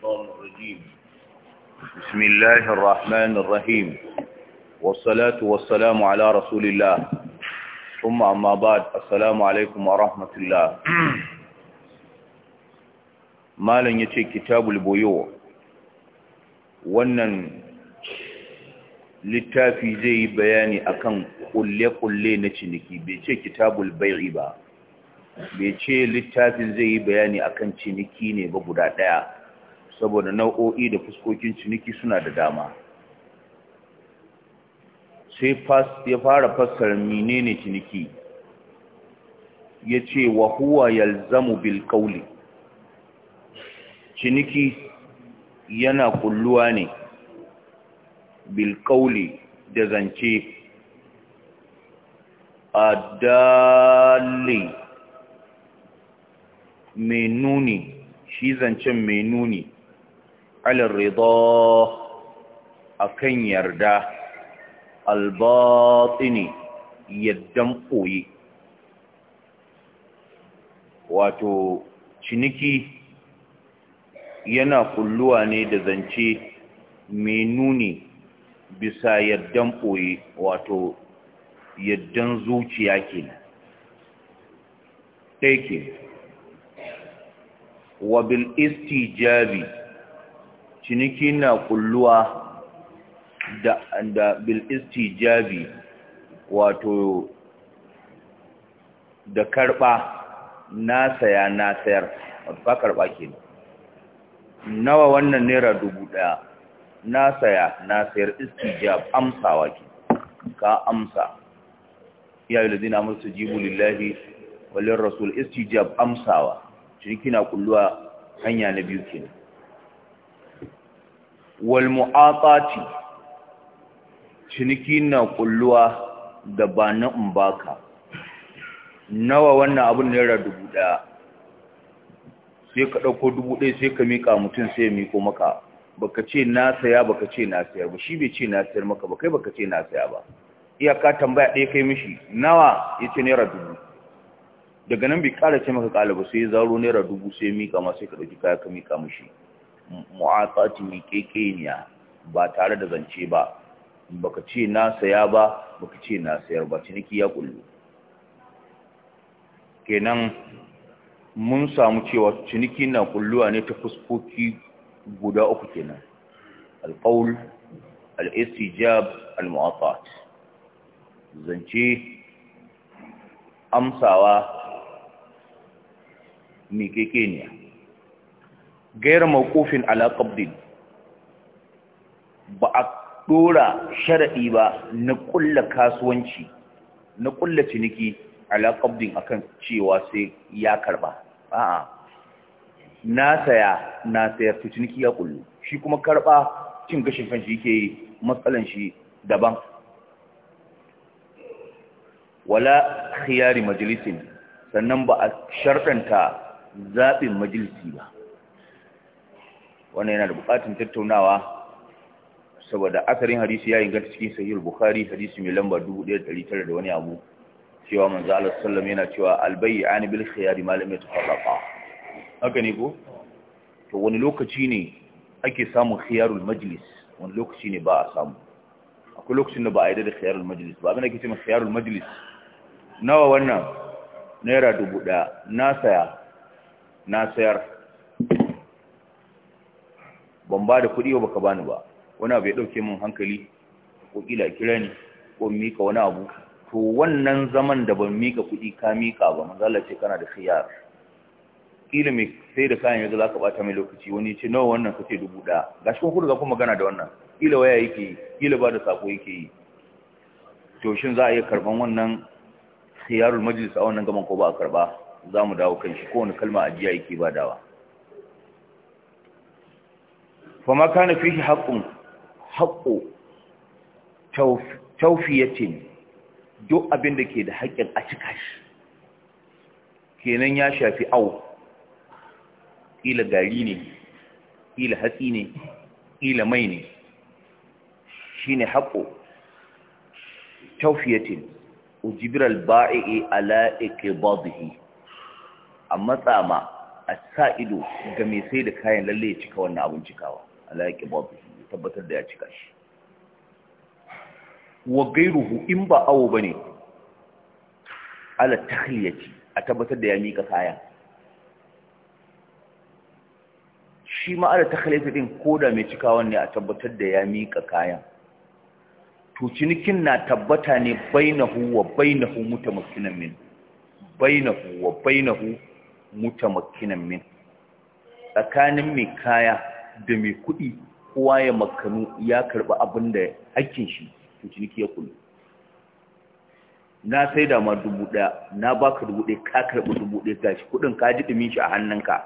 الشيطان الرجيم بسم الله الرحمن الرحيم والصلاة والسلام على رسول الله ثم أما بعد السلام عليكم ورحمة الله ما لن يتي كتاب البيوع wannan littafi zai yi bayani akan kulle-kulle na ciniki bai ce kitabul bai'i ba bai ce littafin zai yi bayani akan ciniki ne ba guda ɗaya saboda nau'o'i da fuskokin ciniki suna da dama sai ya fara fassara menene ciniki ya ce wa huwa yalzamu bil qawli ciniki yana kulluwa ne bil qawli da zance adalli mai nuni shi zancen mai nuni alin rido a kan yarda albatini yaddan koyi wato ciniki yana kulluwa ne da zance mai nuni bisa yaddan ɓoye wato yaddan zuciya kenan ɗaya ke wa bil istijabi ciniki na kulluwa da da bil istijabi wato da karba na saya na sayar wato ka karba kenan nawa wannan naira dubu daya na saya na sayar istijab amsawa ke ka amsa ya yi lazina musu jibu lillahi walin rasul istijab amsawa ciniki na kulluwa hanya na biyu kenan walmu'atati ciniki na kulluwa da ba na umbaka nawa wannan abin naira dubu daya sai ka dauko dubu ɗaya sai ka miƙa mutum sai ya miko maka baka ce na saya baka ce na sayar ba shi bai ce na sayar maka ba kai baka ce na saya ba iyaka tambaya ɗaya kai mishi nawa ya ce naira dubu daga nan bai ƙara ce maka ƙalaba sai ya zaro naira dubu sai ya miƙa ma sai ka ɗauki kaya ka miƙa mishi mu'aqati kekeniya ba tare da zance ba baka ce na saya ba baka ce na sayar ba ciniki ya kullu kenan mun samu cewa ciniki na kulluwa ne ta fuskoki guda uku kenan alqaul al-istijab al zance amsawa mi kekeniya gaira mawqufin ala qabdin ba a dora sharadi ba na kulla kasuwanci na kulla ciniki ala akan cewa sai ya karba a'a na saya na su ciniki ya kullu shi kuma karba cin gashin yake yi matsalan shi daban wala khiyari majalisin sannan ba a sharɗanta zaɓin majalisi ba wannan yana da bukatun tattaunawa saboda asarin hadisi ya inganta cikin sahih bukhari hadisi mai lamba 1900 da wani abu cewa manzo Allah sallallahu yana cewa albay'an bil khiyar ma lam yatafarraqa haka ne ko to wani lokaci ne ake samun khiyarul majlis wani lokaci ne ba a samu akwai lokacin da ba a yi da khiyarul majlis ba abin da ke cewa khiyarul majlis nawa wannan naira dubu daya na saya na sayar ban ba da kuɗi ba ka bani ba wani abu ya ɗauke min hankali ko kila kira ni ko mika wani abu to wannan zaman da ban mika kuɗi ka mika ba manzala ce kana da khiyar kila mai sai da kayan yanzu za ka bata mai lokaci wani ce nawa wannan kace dubu ɗaya ga shi kuma kuma magana da wannan kila waya yake yi kila ba da sako yake yi to shin za a iya karban wannan khiyarul majlis a wannan gaban ko ba a karba za mu dawo kan shi kowane kalma ajiya yake badawa فما كان فيه حق حق توف توفية duk abin da ke da haƙƙin a cika shi kenan ya shafi au ƙila gari ne ƙila hatsi ne ƙila mai ne shi ne haƙo taufiyatin ujibiral ba'i'i ala ikibadihi a matsama a sa ido ga mai sai da kayan lalle ya cika wannan abin cikawa ala qibati tabbatar da ya cika shi wa gairuhu in ba awo bane ala tahliyati a tabbatar da ya mika kaya shi ma ala tahliyati din koda mai cikawan ne a tabbatar da ya mika kayan to cinikin na tabbata ne bainahu wa bainahu mutamakkinan min bainahu wa bainahu mutamakkinan min tsakanin mai kaya da mai kuɗi kowa ya makanu ya karɓi abin da hakkin shi to ciniki ya kullu na sai da ma dubu ɗaya na baka dubu ɗaya ka karɓi dubu ɗaya gashi kuɗin ka ji ɗumin shi a hannunka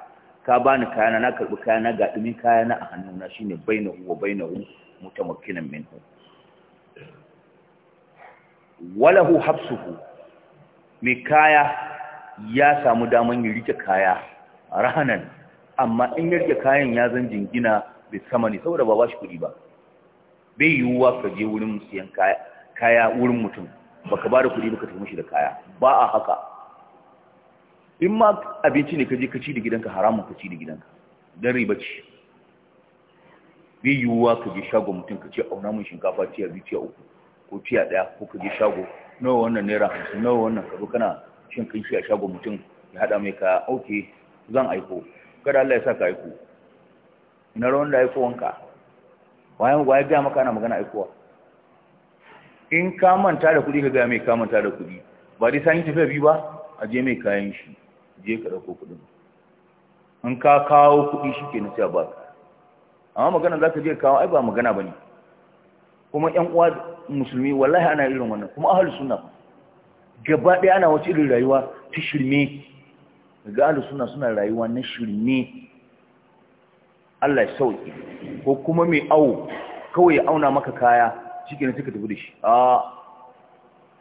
ka bani kayana na karɓi kayana ga ɗumin kayana a hannuna shine hu wa bainahu mutamakkinan minhu walahu habsuhu mai kaya ya samu daman yi rike kaya rahanan amma in ya kayan ya zan jingina bai sama ne saboda ba ba shi kuɗi ba bai yiwuwa ka je wurin siyan kaya wurin mutum ka ba da kuɗi ka tafi da kaya ba a haka in ma abinci ne ka je ka ci da gidanka haramun ka ci da gidanka don riba ce bai yiwuwa ka je shago mutum ka ce auna mun shinkafa tiya biyu tiya uku ko tiya ɗaya ko ka je shago nawa wannan naira hamsin nawa wannan ka zo kana shin kanshi a shago mutum ya haɗa mai kaya ok zan aiko kada Allah ya sa ka aiko ina ruwan da aiko wanka wayan waye ga maka ana magana aikowa in ka manta da kuɗi ka ga mai ka manta da kuɗi ba dai sai tafiya bi ba a je mai kayan shi je ka dauko kudin in ka kawo kuɗi shi ke na cewa ba amma magana za ka je kawo ai ba magana ba ne kuma ƴan uwa musulmi wallahi ana irin wannan kuma ahlus sunna gaba ɗaya ana wace irin rayuwa ta shirme ga suna suna rayuwa na ne, Allah ya sauki. ko kuma mai au kawai ya auna maka kaya cikin suka tafi da shi a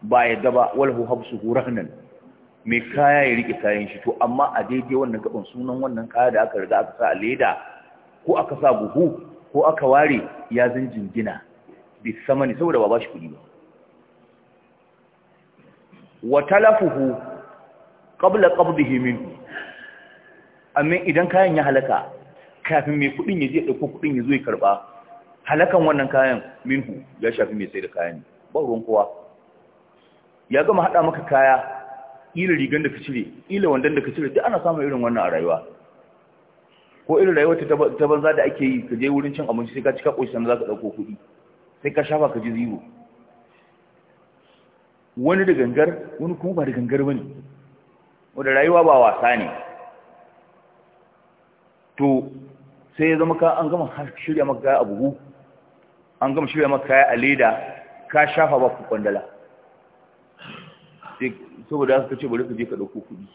ba ya daba walhu habsu rahnan mai kaya ya rike kayan shi to amma a daidai wannan gaban sunan wannan kaya da aka riga aka sa a leda ko aka sa buhu ko aka ware ya zan jingina bi sama ne saboda ba bashi shi kuɗi ba wa talafuhu qabla qabdihi minhu amma idan kayan ya halaka kafin mai kudin ya je ɗauko kudin ya zo ya karɓa halakan wannan kayan minhu ya shafi mai sai da kayan ba ruwan kowa ya gama haɗa maka kaya ila rigan da ka cire ila wandan da ka cire duk ana samun irin wannan a rayuwa ko irin rayuwar ta banza da ake yi ka je wurin cin abinci sai ka cika koshin sannan za ka ɗauko kuɗi sai ka shafa ka ji zero wani da gangar wani kuma ba da gangar ba ne rayuwa ba wasa ne to sai ya zama ka an gama shirya maka kaya a buhu an gama shirya maka kaya a leda ka shafa ba ku kwandala saboda suka ce bari ka je ka ɗauko kuɗi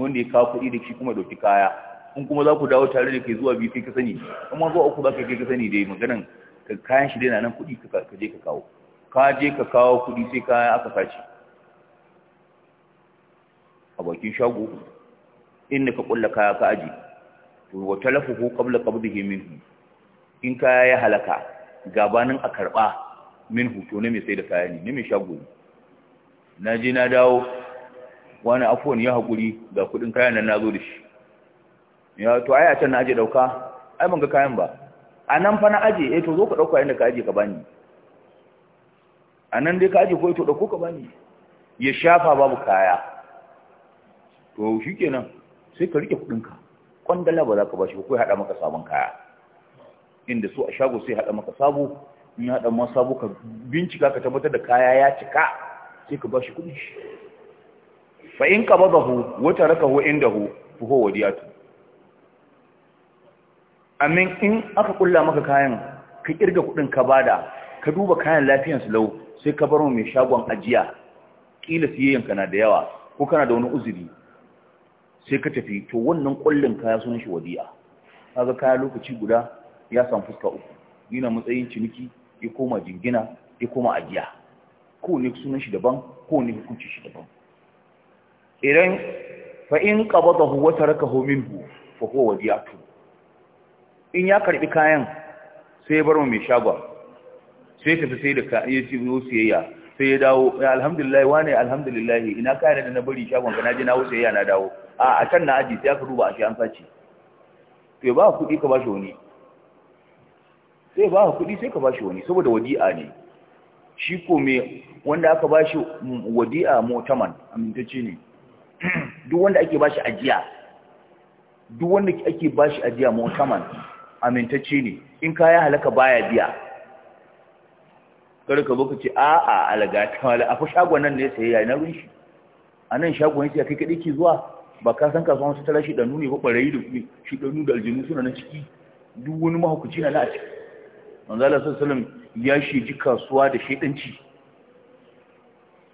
wanda ya kawo kuɗi da shi kuma ɗauki kaya in kuma za ku dawo tare da kai zuwa biyu kai ka sani amma zuwa uku za ka kai ka sani dai maganan kayan shi dai na nan kuɗi ka je ka kawo ka je ka kawo kuɗi sai kaya aka sace a bakin shago inda ka ƙulla kaya ka aji to wa talafuhu qabla qabdihi minhu in kaya ya halaka gabanin a karba minhu to ne mai sai da kaya ne mai shago na ji na dawo wani afon ya hakuri ga kudin kayan nan nazo da shi ya to ai a can na aje dauka ai ban ga kayan ba a nan fa na aje eh to zo ka dauka inda ka aje ka bani a nan dai ka aje ko to dauko ka bani ya shafa babu kaya to shikenan sai ka rike ka kwandala ba za ka bashi ko ya haɗa maka sabon kaya inda so a shago sai haɗa maka sabo in haɗa maka sabo ka bincika ka tabbatar da kaya ya cika sai ka bashi kuɗi fa in qabadahu wa tarakahu indahu fa huwa wadiyatu amin in aka kulla maka kayan ka kirga kuɗin ka bada ka duba kayan su lau sai ka bar mai shagon ajiya kila siyayyanka na da yawa ko kana da wani uzuri sai ka tafi to wannan ka kaya sunan shi wadi'a kaga kaya lokaci guda ya samu fuska uku yana matsayin ciniki ya koma jingina ya koma ajiya ko ne sunan shi daban ko ne hukunci shi daban idan fa in qabadahu wa tarakahu minhu fa huwa wadi'atu in ya karbi kayan sai ya bar mai shagwa sai tafi sai da ka ya ci siyayya sai ya dawo ya alhamdulillah wane alhamdulillah ina kayan da na bari shagon ka naje na wuce ya na dawo a a can na aji sai aka duba a shi an sace to ba kuɗi ka ba shi wani sai ba kuɗi sai ka ba shi wani saboda wadi'a ne shi ko me wanda aka ba shi wadi'a motaman amintacce ne duk wanda ake ba shi ajiya duk wanda ake ba shi ajiya motaman amintacce ne in kaya halaka baya biya kar ka baka ce a'a alaga ta wala afa shagon nan ne sai yayi na ruwan shi anan shagon yake kai kadi ke zuwa ba ka san kasuwan wasu tara shi da nuni ba barayi da kuɗi shi da da aljinu suna na ciki duk wani mahaukaci na lati manzo Allah sallallahu alaihi ya ji kasuwa da shedanci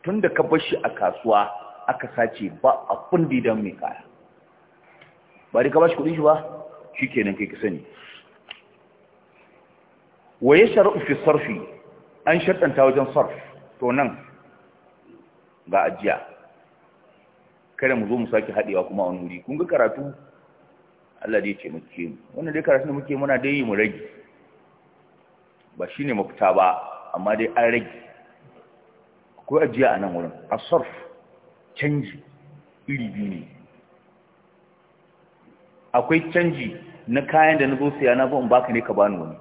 tunda ka bar shi a kasuwa aka sace ba a da idan mai kaya ba dai ka bashi kuɗin shi ba shikenan kai ka sani wa yashra'u fi sarfi an shaddanta wajen sarf to nan ga ajiya kada mu zo mu sake haɗewa kuma wani wuri kun ga karatu Allah dai ce muke wannan dai karatu da muke muna dai yi mu rage ba shine mafita ba amma dai an rage akwai ajiya a nan wurin sarf canji iri biyu ne akwai canji na kayan da na zo siya na ba in baka ne ka bani wani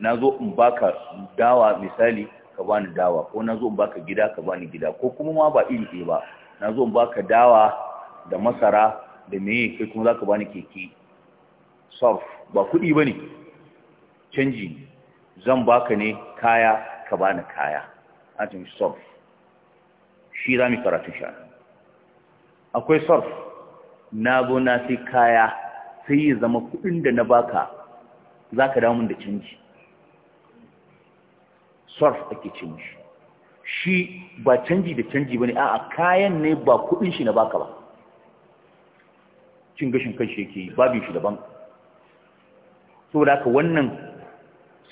na zo in baka dawa misali ka bani dawa ko na zo in baka gida ka bani gida ko kuma ma ba iri ɗaya ba na zo in baka dawa da masara da meye kai kuma za ka bani keke surf ba kuɗi ba ne canji zan baka ne kaya ka bani kaya a cikin surf shi za mu karatu sha akwai surf na zo na sai kaya sai ya zama kuɗin da na baka za ka damun da canji sarf ake ce mishi shi ba canji da canji ba bane a'a kayan ne ba kudin shi na baka ba cin gashin kanshi yake yi babin shi daban saboda haka wannan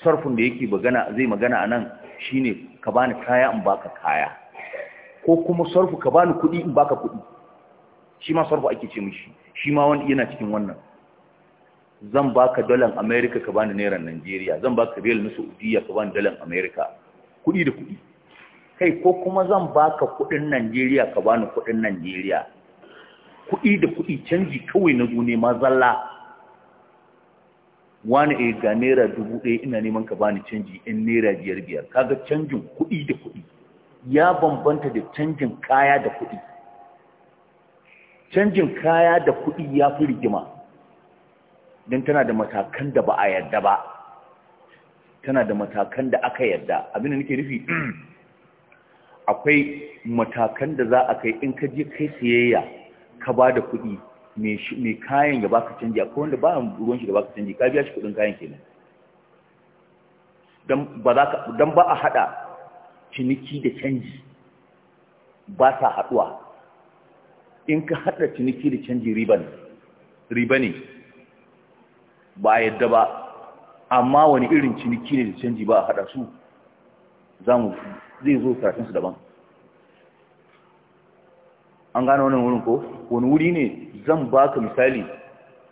sarfin da yake magana zai magana anan shine ka bani kaya in baka kaya ko kuma sarfu ka bani kudi in baka kudi shi ma sarfu ake ce mishi shi ma wani yana cikin wannan zan baka dalan Amerika ka bani naira nigeria zan baka riyal na saudiya ka bani dalan Amerika. kudi da kudi kai ko kuma zan baka kudin nigeria ka bani kudin nigeria kudi da kudi canji kawai na zo nema zalla wani e ga naira dubu ɗaya ina neman ka bani canji in naira biyar biyar kaga canjin kudi da kudi ya bambanta da canjin kaya da kudi canjin kaya da kudi ya fi rigima don tana da matakan da ba a yarda ba tana da matakan da aka yarda abinda nake rufi, akwai matakan da za a kai in ka je kai siyayya ka ba da kuɗi mai kayan ya ka canji akwai wanda ba ruwan shi da ka canji ka biya shi kuɗin kayan kenan don ba a haɗa ciniki da canji ba sa haɗuwa in ka haɗa ciniki da canji riba ne ba a yadda ba amma wani irin ciniki ne da canji ba a haɗa su zai zo su daban an gano wannan wurin ko wani wuri ne zan baka misali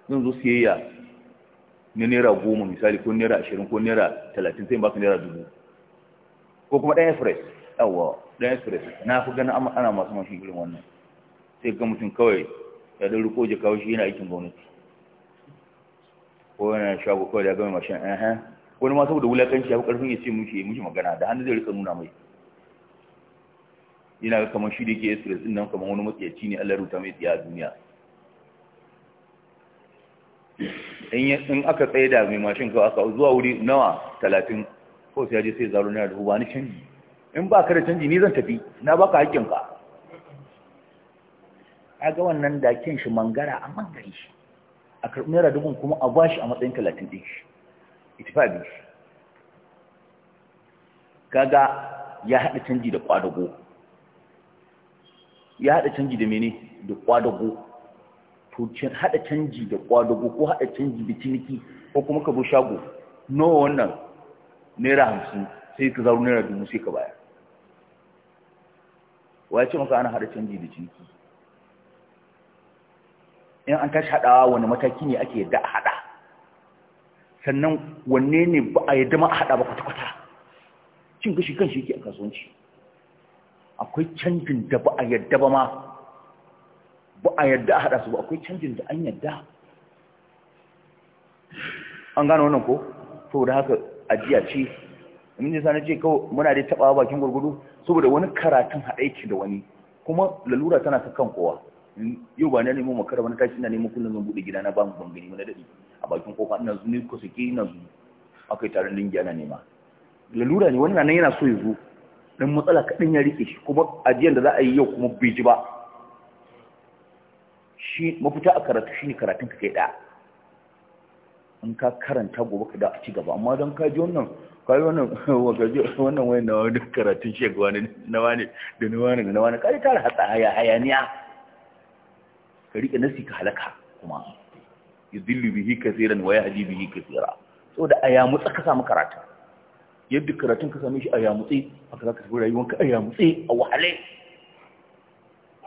zan zo siyayya na naira goma misali ko naira ashirin ko naira talatin sai baka naira dubu ko kuma ɗaya express yawa ɗaya express na fi ganin ana masu mashi irin wannan sai ga mutum kawai ya ɗan riko kawai shi yana aikin gwamnati ko yana shago kawai da gama mashin eh, eh wani ma saboda wulakanci ya fi ƙarfin ya ce mushi mushi magana da hannu zai rika nuna mai yana ga kamar shi da ke estres din nan kamar wani matsiyaci ne Allah ruta mai tsiya a duniya in aka tsaye da mai mashin kawai aka zuwa wuri nawa talatin ko sai ya je sai zaro na da ba ni canji in ba ka da canji ni zan tafi na ba ka hakkinka a ga wannan da kyan shi mangara a mangare shi a karɓi naira dubu kuma a ba shi a matsayin talatin ɗin shi itifa biyu shi kaga ya haɗa canji da ƙwadago ya haɗa canji da mene da ƙwadago to haɗa canji da ƙwadago ko haɗa canji da ciniki ko kuma ka bu shago nawa wannan naira hamsin sai ka zaru naira dubu sai ka baya? wa ya ce maka ana haɗa canji da ciniki in an tashi haɗawa wani mataki ne ake yadda a haɗa sannan wanne ne ba a yadda ma a haɗa ba kwata-kwata cin gashi kan shi ke a kasuwanci akwai canjin da ba a yadda ba ma ba a yadda a haɗa su ba akwai canjin da an yadda an gano wannan ko to da haka ajiya ce min ne sanar ce kawai muna dai taɓawa bakin gurgudu saboda wani karatun haɗaiki da wani kuma lalura tana ta kan kowa yau ba na nemo makara wani tashi na nemo kullum zan bude gida na bamu ban gani na a bakin kofa ina zu ne kusa ke ina zu aka yi taron dingiya na nema lalura ne wannan nan yana so ya zo dan matsala kaɗan ya rike shi kuma ajiyar da za a yi yau kuma bai ji ba shi mafita a karatu shine karatun ka kai da. in ka karanta gobe ka da a ci gaba amma don ka ji wannan yi wannan wannan wayan na wani karatun ga wani na wani da na wani da na wani yi tara hatsa hayaniya ka riƙe nasi ka halaka kuma ya yudillu bihi kaseeran wa yahdi bihi da saboda ayamutsa ka samu karatu yadda karatun ka same shi a ayamutse za zaka tafi rayuwanka ayamutse a wahale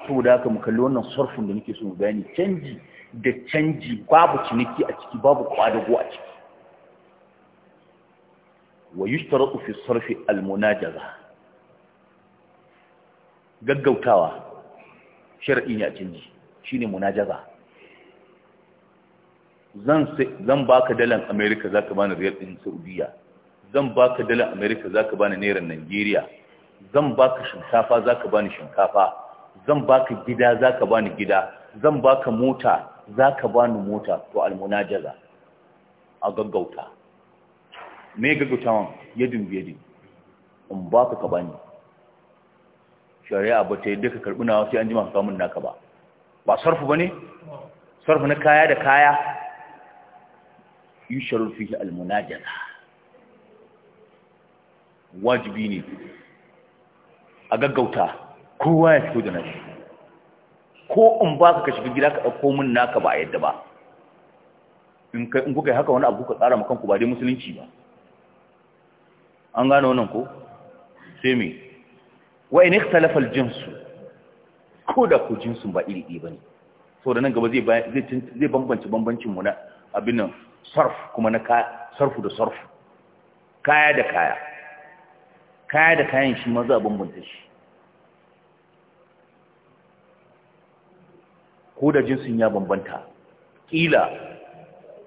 saboda haka mu kalli wannan sarfin da nake so mu gani canji da canji babu ciniki a ciki babu kwadago a ciki wa yushtaratu fi sarfi almunajaza gaggautawa shar'i ne a canji shine munajaza zan zan baka dalan America zaka bani riyal din Saudiya zan baka dalan America zaka bani naira Nigeria zan baka shinkafa zaka bani shinkafa zan baka gida zaka bani gida zan baka mota zaka bani mota to almunajaza a gaggauta me gaggautawan yadin biyadin in baka ka bani shari'a ba ta yadda ka karbi nawa sai an ji maka kamun naka ba ba sarfu ba ne sarfu na kaya da kaya yi sharufi almunajala wajibi ne a gaggauta kowa ya fito da nashi ko in ba ka shiga gida ka ɗauko min naka ba yadda ba in kuka yi haka wani abu ka tsara ku, ba dai musulunci ba an gano wannan ko sai me wa in ikhtalafa aljinsu jinsu ko da ko jinsin ba iri ɗaya ba ne da nan gaba zai bambance bambancin mu na abin nan sarf kuma na sarfu da sarfu kaya da kaya kaya da kayan shi ma za a bambanta shi ko da jinsin ya bambanta ƙila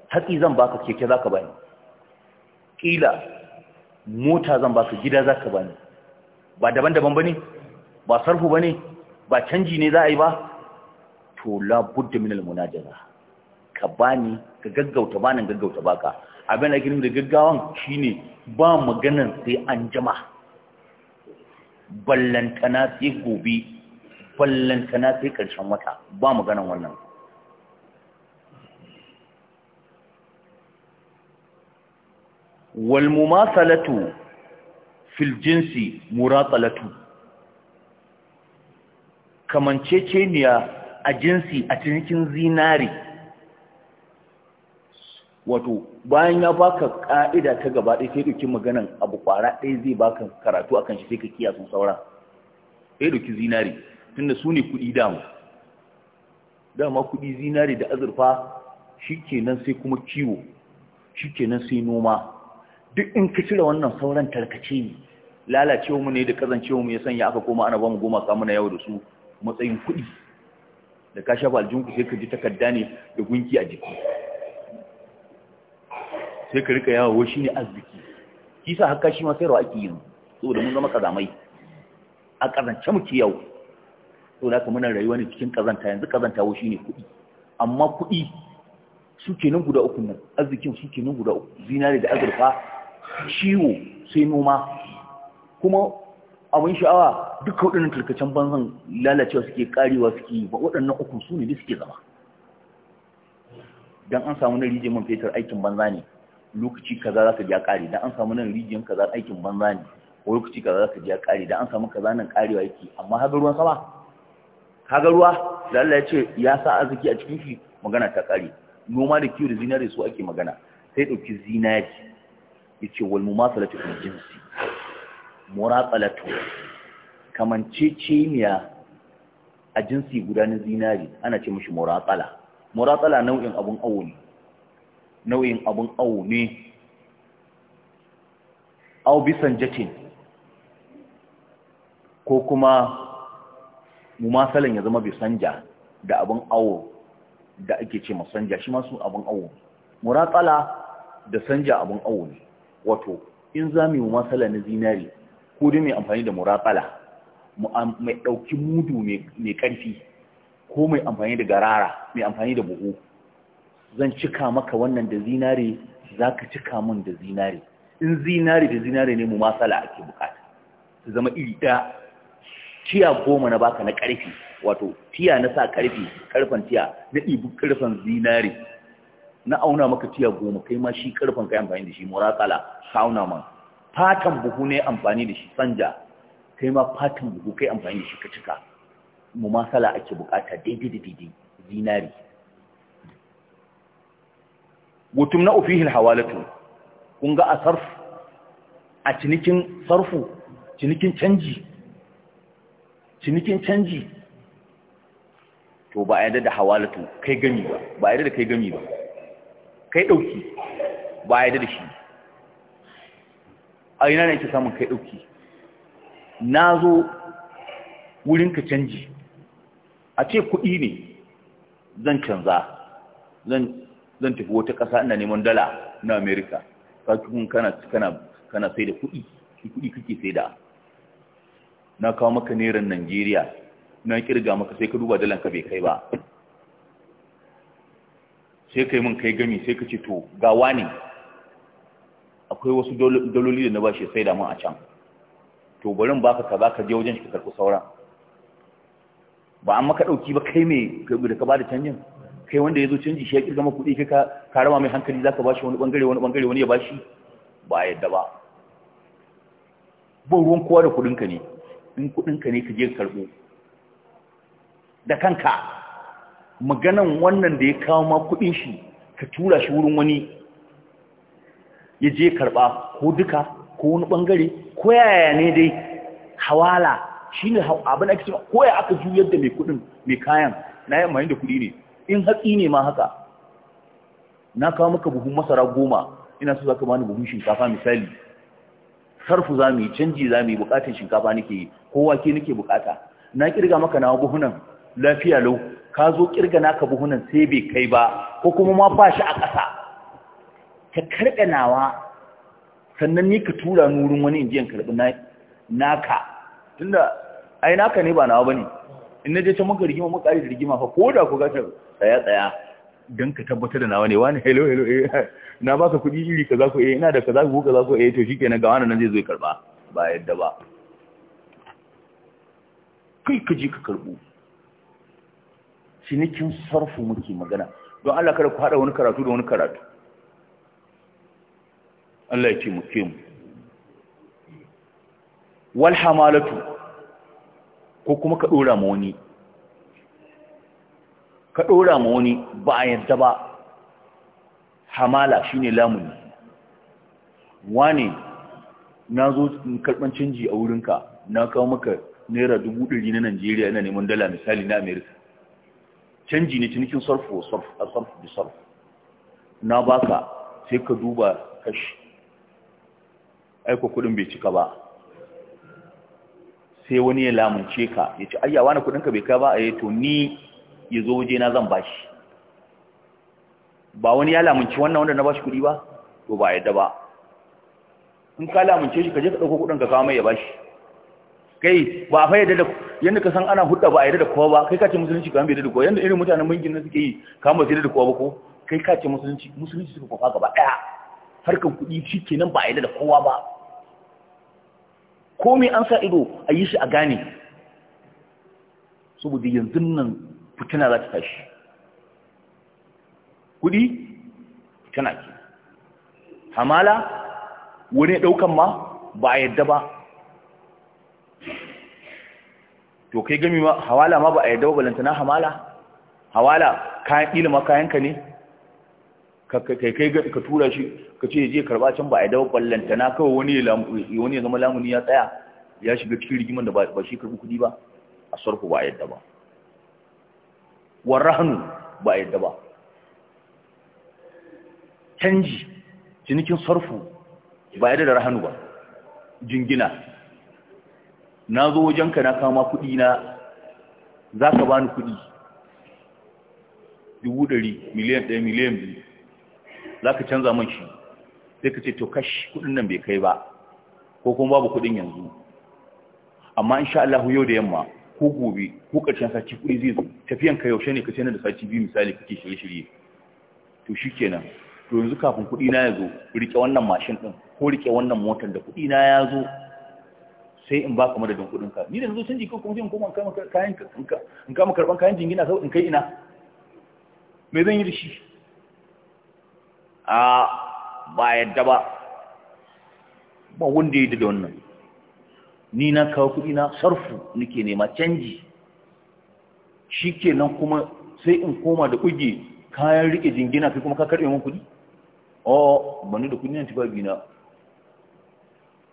haƙi zan baka keke za ka bani ƙila mota zan baka gida za ka bani ba daban-daban ba ne ba sarfu ba ne ba canji ne za a yi ba to labudda min almunajaza ka bani ka gaggauta bani gaggauta baka abin da kirin da gaggawan shine ba maganar sai an jama ballantana sai gobe ballantana sai karshen wata ba maganar wannan wal في fil jinsi Salatu. kamanceceniya a jinsi a cinikin zinari wato bayan ya baka ka'ida ta gaba ɗaya sai ɗauki maganan abu kwara ɗaya zai baka karatu akan shi sai ka kiyasu saura sai ɗauki zinari tunda su ne kuɗi dama dama kuɗi zinari da azurfa shi kenan sai kuma kiwo shi kenan sai noma duk in ka cire wannan sauran tarkace ni, lalacewa mu ne da kazancewa mu ya sanya aka koma ana ba mu goma samu yau da su matsayin kuɗi da ka shafa aljinku sai ka ji takarda ne da gunki a jiki sai ka rika yawa shi ne arziki kisa haka shi ma sayarwa ake yin saboda mun zama kazamai a kazance muke yau da aka muna rayuwa ne cikin kazanta yanzu kazantawo shi ne kuɗi amma kuɗi su nan guda uku nan arzikin su nan guda uku zinare da azurfa ciwo sai noma kuma abin sha'awa duka waɗannan tarkacen banzan lalacewa suke karewa suke yi ba waɗannan uku su ne suke zama don an samu nan rijiyar man fetur aikin banza ne lokaci kaza za ka a kare don an samu nan rijiyar kaza aikin banza ne ko lokaci kaza za ka a kare don an samu kaza nan karewa yake amma haga ruwan sama haga ruwa da Allah ya ce ya sa arziki a cikin shi magana ta kare noma da kiwo da zinare su ake magana sai ɗauki zinari ya ce wal da fil jinsi muratsalatu kamanceceniya a jinsi guda na zinari ana ce mishi muratsala muratsala nau'in abun awo ne nau'in abun awo ne au bisan jatin ko kuma mumasalan ya zama bisanja da abun awo da ake ce masanja shi masu abun awo muratsala da sanja abun awo ne wato in za mu yi mumasala na zinari ko dai mai amfani da muraqala mai ɗauki mudu mai ƙarfi ko mai amfani da garara mai amfani da buhu zan cika maka wannan da zinare za ka cika min da zinare in zinare da zinare ne mu masala ake bukata su zama iri ɗaya tiya goma na baka na ƙarfi wato tiya na sa ƙarfi ƙarfen tiya na ibi ƙarfen zinare na auna maka tiya goma kai ma shi ƙarfen kai amfani da shi murakala ka auna man fatan buhu ne amfani da shi sanja kai ma fatan buhu kai amfani da shi ka cika masala ake bukata daidai da daidai zinari gutum na ufihil hawalatu kun ga a sarf a cinikin sarfu cinikin canji cinikin canji to ba a yadda da hawalatu kai gami ba ba a yadda da kai gami ba kai dauki ba a yadda da shi a ina ne ke samun kai ɗauki na zo wurin ka canji a ce kuɗi ne zan canza zan tafi wata ƙasa ina neman dala na amerika kakikun kana sai da kuɗi kuɗi kake sai da na kawo maka neran najeriya na kirga maka sai ka duba dalan ka bai kai ba sai ka yi min kai gami sai ka ce to gawa ne akwai wasu daloli da na ba shi sai da mun a can to barin baka ka baka je wajen shi ka karɓi sauran ba an maka ɗauki ba kai mai da ka ba da canjin kai wanda ya zo canji shi ya kirga maka kuɗi kai ka karama mai hankali za ka ba shi wani ɓangare wani ɓangare wani ya ba shi ba a yadda ba ba ruwan kowa da kuɗinka ne in kuɗinka ne ka je karɓo da kanka maganan wannan da ya kawo ma kuɗin shi ka tura shi wurin wani ya je karɓa ko duka ko wani ɓangare ko yaya ne dai hawala shi ne abin ake cewa ko ya aka juyar da mai kuɗin mai kayan na yi amfani da kuɗi ne in hatsi ne ma haka na kawo maka buhun masara goma ina so za ka bani buhun shinkafa misali sarfu za mu yi canji za mu yi bukatun shinkafa nake yi Ko wake nake bukata na kirga maka na buhunan lafiya lau ka zo kirga naka buhunan sai bai kai ba ko kuma ma ba shi a ƙasa ka karɓe nawa sannan ni ka tura ni wurin wani injiyan karɓi naka tunda ai naka ne ba nawa bane in na je can muka rigima muka da rigima fa ko da ku ga tsaya tsaya dan ka tabbatar da nawa ne wani hello hello eh na baka kuɗi iri kaza ko eh ina da kaza ko kaza ko eh to shikenan ga wannan nan zai zo ya karba ba yadda ba kai ka je ka karbo cinikin sarfu muke magana don Allah kada ku hada wani karatu da wani karatu Allah ya taimake mu wal hamalatu ko kuma ka dora ma wani ka dora ma wani ba a yadda ba hamala shine lamuni wane na zo karban canji a wurinka na kawo maka naira dubu ɗari na Najeriya ina neman dala misali na Amerika canji ne cinikin sarfo a sarfo da na baka sai ka duba kashi aiko kudin bai cika ba sai wani ya lamunce ka ya ce ayyawa na kudinka bai kai ba a to ni ya zo waje na zan bashi ba wani ya lamunci wannan wanda na bashi kudi ba to ba yadda ba in ka lamunce shi ka je ka ɗauko kudin ka kawo mai ya bashi kai ba a fayyada da yadda ka san ana hudda ba a yadda da kowa ba kai ka ce musulunci ka bai da kowa yadda irin mutanen mungin na suke yi ka ba sai da kowa ba ko kai ka ce musulunci musulunci suka kwafa gaba daya harkar kuɗi shi kenan ba a yadda da kowa ba komai an sa ido a yi shi a gane saboda yanzu nan fitina za ta tashi kudi tana ke hamala wani daukan ma ba a yadda ba to kai gami ma hawala ma ba a yadda ba balantana hamala hawala kayan ilima kayanka ne ka kai ka tura shi ka ce je karba can ba a dawo ballanta na kawai wani wani zama lamuni ya tsaya ya shiga cikin rigiman da ba shi karbi kudi ba a sarku ba a yadda ba warahanu ba a yadda ba canji cinikin sarfu ba yadda da rahanu ba jingina na zo wajenka na kama kudi na za ka bani kudi dubu ɗari miliyan ɗaya miliyan biyu za ka canza man shi sai ka ce to kashi kudin nan bai kai ba ko kuma babu kudin yanzu amma insha Allah yau da yamma ko gobe ko karshen sati kudi zai zo tafiyan ka yaushe ne ka ce na da sati biyu misali kake shirye-shirye to shikenan to yanzu kafin kudi na ya zo rike wannan mashin din ko rike wannan motar da kudi na ya zo sai in baka madadin kudin ka ni da yanzu ji ko kuma sai in ka in kama karban kayan jingina sau in kai ina me zan yi da shi a ba yadda ba ba wanda ya yi da wannan ni na kawo kuɗi na sarfu nake nema canji shi kenan kuma sai in koma da kuge kayan rike jingina fi kuma ka karɓe min kuɗi o bani da kuɗi na ci babi na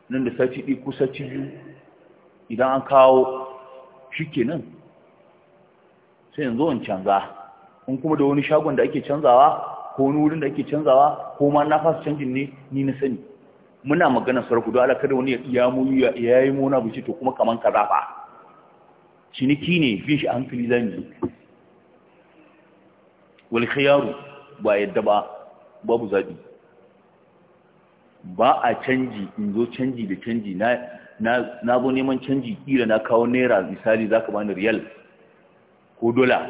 nan da sati ɗi ko cikin biyu idan an kawo shi kenan sai yanzu zo in canza in kuma da wani shagon da ake canzawa ko wani da ake canzawa ko ma na fasa canjin ne ni na sani muna magana sarku don kada wani ya yi mona bishi to kuma kaman kaza ba ciniki ne fi shi a hankali za mu yi khayaru ba yadda ba babu zaɓi ba a canji in zo canji da canji na na neman canji kila na kawo naira misali za ka ba ni riyal ko dola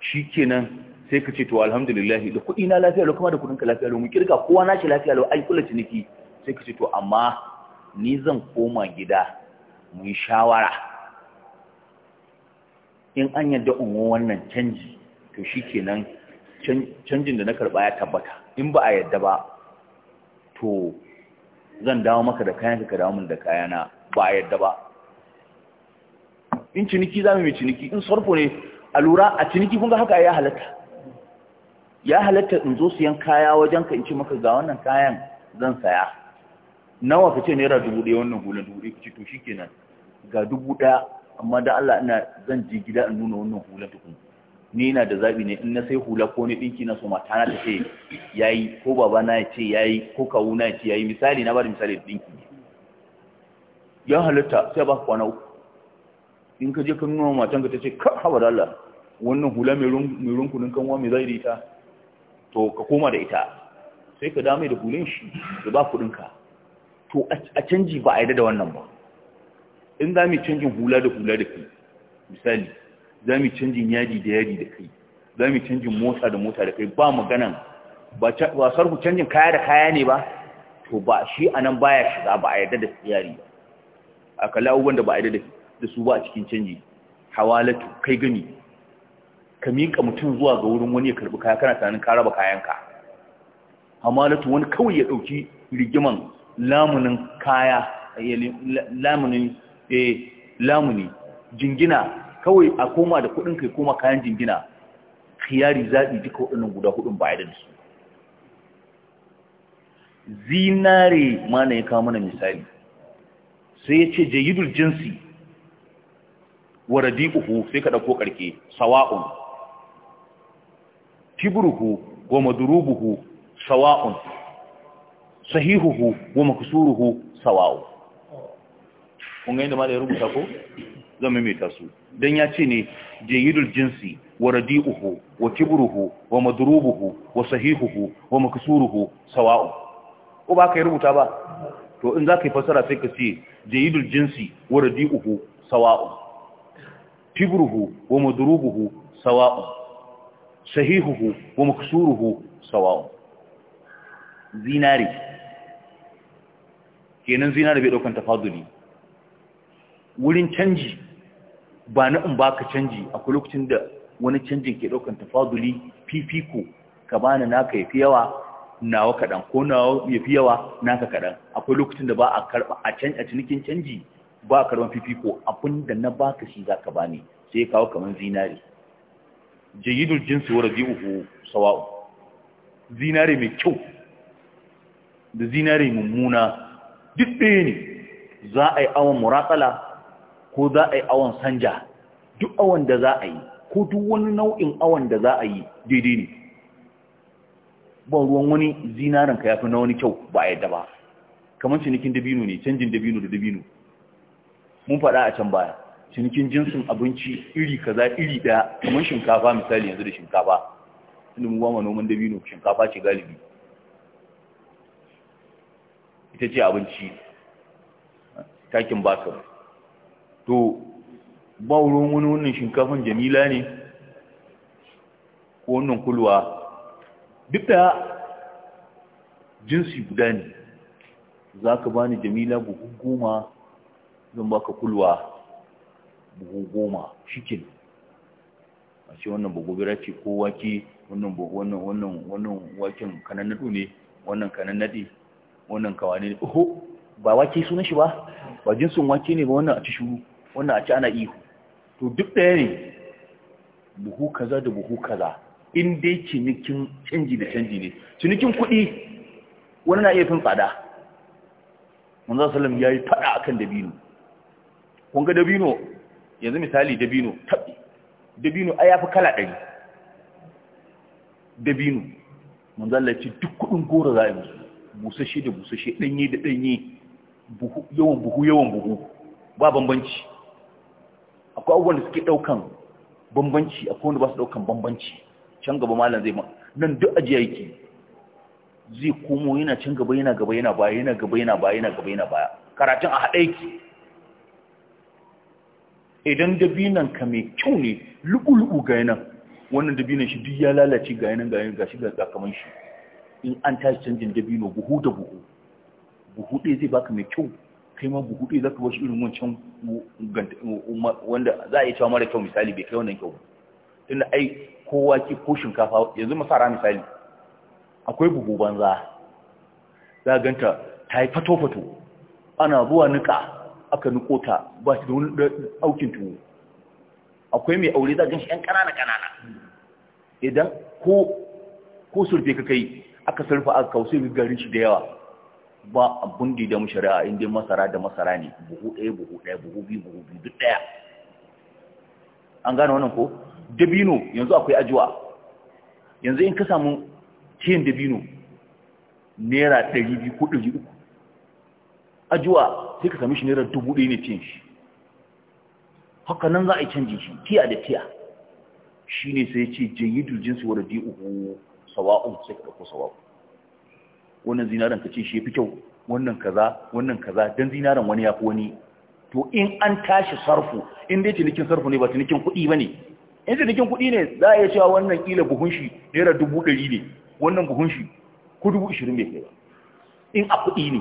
shi kenan sai ka ce to alhamdulillah da kuɗi na lafiya lau kuma da kuɗin ka lafiya lau mu kirga kowa na shi lafiya lau ai kula ciniki sai ka ce to amma ni zan koma gida mu shawara in an yadda ungo wannan canji to shi kenan canjin da na karɓa ya tabbata in ba a yadda ba to zan dawo maka da kayan ka dawo min da kayana ba a yadda ba in ciniki za mu yi ciniki in sarfo ne a lura a ciniki kun ga haka ya halatta ya halatta in zo siyan kaya wajen ka in ce maka ga wannan kayan zan saya nawa kace naira dubu ɗaya wannan hula dubu ɗaya kace to shikenan ga dubu ɗaya amma da Allah ina zan je gida in nuna wannan hula tukun ni na da zabi ne in na sai hula ko ni dinki na so mata na ta ce yayi ko baba na ya ce yayi ko kawu na ya ce yayi misali na bada misali dinki ya halatta sai ba kwana uku in ka je ka nuna matan ka ta ce ka hawa da Allah wannan hula mai runkunin kanwa mai zai da ita to ka koma da ita sai ka dame da gulin shi da ba kudinka to a canji ba a yi da wannan ba in za mu canjin hula da hula da kai misali za mu canjin yadi da yadi da kai za mu canjin mota da mota da kai ba maganan ba sarku canjin kaya da kaya ne ba to ba shi a nan baya shiga ba a yadda da tsiyari ba a kala abubuwan da ba a yadda da su ba a cikin canji hawalatu kai gani ka miƙa mutum zuwa ga wurin wani ya karbi kaya kana tunanin ka raba kayanka hamalatu wani kawai ya ɗauki rigiman lamunin kaya eh, lamunin eh lamuni jingina kawai a koma da kuɗin kai koma kayan jingina khiyari zaɗi duka waɗannan guda hudun ba da su zinare mana ya kawo mana misali sai ya ce jayidul jinsi wa radiquhu sai ka ɗauko karke sawa'un tibruhu wa madrubuhu sawa'un sahihuhu wa maksuruhu sawa'u kun ga inda malai rubuta ko zan maimaita su dan ya ce ne jayidul jinsi wa radi'uhu wa tibruhu wa madrubuhu wa sahihuhu wa maksuruhu sawa'u ko ba ka rubuta ba to in za ka yi fasara sai ka ce jayidul jinsi wa radi'uhu sawa'u tibruhu wa madrubuhu sawa'u sahihuhu wa maksuruhu sawa'un zinari kenan zinari bai daukan tafaduli wurin canji ba na in baka canji akwai lokacin da wani canjin ke daukan tafaduli fifiko ka bani naka yafi yawa nawa kadan ko nawa yafi yawa naka kadan akwai lokacin da ba a karba a canji a cinikin canji ba a karban fifiko abinda na baka shi zaka bani sai ya kawo kaman zinari jayidul jinsi wa rabi'uhu sawa'u zinare mai kyau da zinare mummuna duk ɗaya ne za a yi awon muratsala ko za a yi awon sanja duk awon da za a yi ko duk wani nau'in awon da za a yi daidai ne ba ruwan wani zinaren ka yafi na wani kyau ba a yadda ba kamar cinikin dabino ne canjin dabino da dabino mun faɗa a can baya cinikin jinsin abinci iri kaza iri daya kuma shinkafa misali yanzu da shinkafa inda mu goma noman dabino shinkafa ce galibi ita ce abinci takin basir to ba wurin wani wannan shinkafan jamila ne ko wannan kulwa duk da jinsi guda ne za ka bani jamila buhu goma zan baka kulwa buhu goma shikin a ce wannan buhu bira ce ko wake wannan wannan wannan wannan waken kanan nadu ne wannan kanan nadi wannan kawane ne oho ba wake sunan shi ba ba jinsin wake ne ba wannan a ci shuru wannan a ci ana ihu to duk ɗaya ne buhu kaza da buhu kaza in dai cinikin canji da canji ne cinikin kuɗi wani na iya fin tsada salam ya yi fada akan dabino kun ga dabino yanzu misali dabino tabbi dabino ai yafi kala ɗari dabino manzo Allah ce duk kudin goro za a yi busashe da busashe danye da danye buhu yawan buhu yawan buhu ba bambanci akwai abubuwan da suke daukan bambanci akwai wanda ba su daukan bambanci can gaba malam zai ma nan duk ajiya yake zai komo yana can gaba yana gaba yana baya yana gaba yana baya yana gaba yana baya karatun a haɗe yake idan dabinan ka mai kyau ne lu'ulu'u ga yanan wannan dabinan shi duk ya lalace ga yanan ga yanan shi ga kaman shi in an tashi canjin dabino buhu da buhu buhu ɗaya zai baka mai kyau kai ma buhu ɗaya za ka bashi irin wancan wanda za a yi cewa mara kyau misali bai kai wannan kyau ba tunda ai kowa ke ko shinkafa yanzu masara misali akwai buhu banza za a ganta ta yi fato-fato ana zuwa nika aka nuko ta ba shi da wani aukin tuwo akwai mai aure za gan shi 'yan ƙanana-ƙanana idan ko surfe ka kai aka surfa aka kawo sai garin shi da yawa ba abun da mu shari'a inda masara da masara ne buhu ɗaya buhu ɗaya buhu biyu buhu biyu duk ɗaya an gane wannan ko dabino yanzu akwai ajiwa yanzu in ka samu tiyan dabino naira ɗari biyu ko ɗari uku ajuwa sai ka sami shi naira dubu ɗaya ne cin shi haka nan za a yi canjin shi tiya da tiya shi ne sai ce su jinsi wa uku, sawa'un sai ka ɗauko sawa'un wannan zinaren ka ce shi fi kyau wannan kaza wannan kaza dan zinaren wani ya fi wani to in an tashi sarfu in dai cinikin sarfu ne ba cinikin kuɗi ba ne in cinikin kuɗi ne za a iya cewa wannan ƙila buhun shi naira dubu ɗari ne wannan buhun shi ko dubu ishirin bai kai ba in a kuɗi ne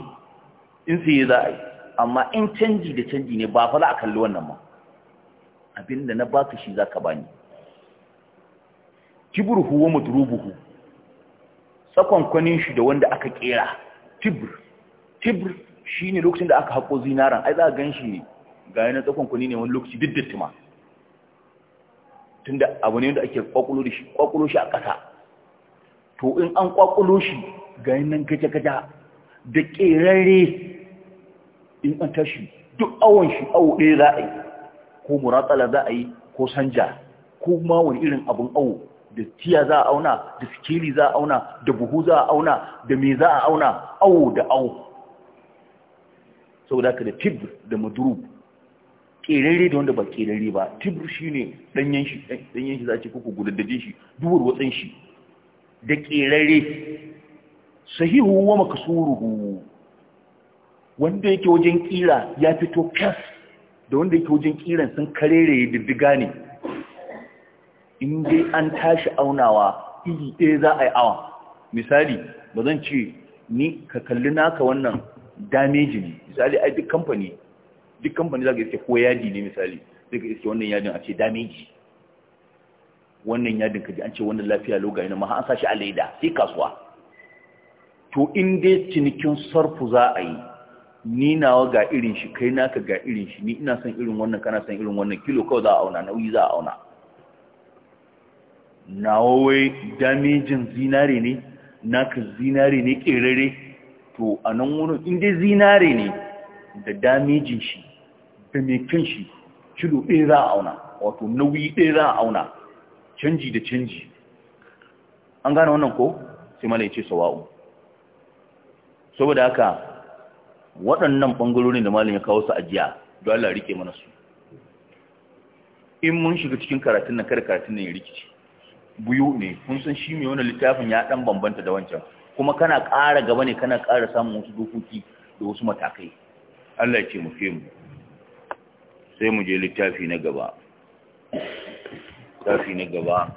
in siye za a yi amma in canji da canji ne ba fa za a kalli wannan ma abinda na baka shi za ka bani kibir huwa mudrubuhu sakwankwanin shi da wanda aka kera tibr shi shine lokacin da aka hako zinaran ai za ka ganshi ga yana tsakonkwani ne wani lokaci tuma. tunda abu ne da ake kwakulo da shi kwakulo shi a ƙasa to in an kwakulo shi ga nan gaja-gaja da ƙerare in an tashi duk awon shi awo ɗaya za a yi ko muratsala za a yi ko sanja ko ma wani irin abin awo da tiya za a auna da sikili za a auna da buhu za a auna da me za a auna awo da awo saboda ka da tibr da madrub kerere da wanda ba kerere ba shi shine danyen shi danyen shi zace kuku gudaddade shi duwar watsan shi da kerere sahihu wa makasuruhu wanda yake wajen kira ya fito kas da wanda yake wajen kiran sun karere ya diddiga ne in dai an tashi aunawa iri ɗaya za a yi awa. misali ba zan ce ni ka kalli naka wannan dameji ne misali ai duk kamfani duk kamfani za ka iske ko yadi ne misali zai ka iske wannan yadin a ce dameji wannan yadin ka ji an ce wannan lafiya loga ina ma an sa shi a laida sai kasuwa to in dai cinikin sarfu za a yi ni nawa ga irin shi kai naka ga irin shi ni ina son irin wannan kana son irin wannan kilo kawai za a auna nauyi za a auna nawa wai damejin zinare ne naka zinare ne kerare to a nan wurin in dai zinare ne da damejin shi da mai kyan shi kilo ɗaya za a auna wato nauyi ɗaya za a auna canji da canji an gane wannan ko sai mala ya ce sawa'u saboda haka waɗannan ɓangarori da malin ya kawo su ajiya don Allah rike mana su in mun shiga cikin karatun nan kada karatun nan ya rikici buyu ne kun san shi mai wani littafin ya ɗan bambanta da wancan kuma kana ƙara gaba ne kana ƙara samun wasu dokoki da wasu matakai Allah ya ce mu fe mu sai mu je littafi na gaba littafi na gaba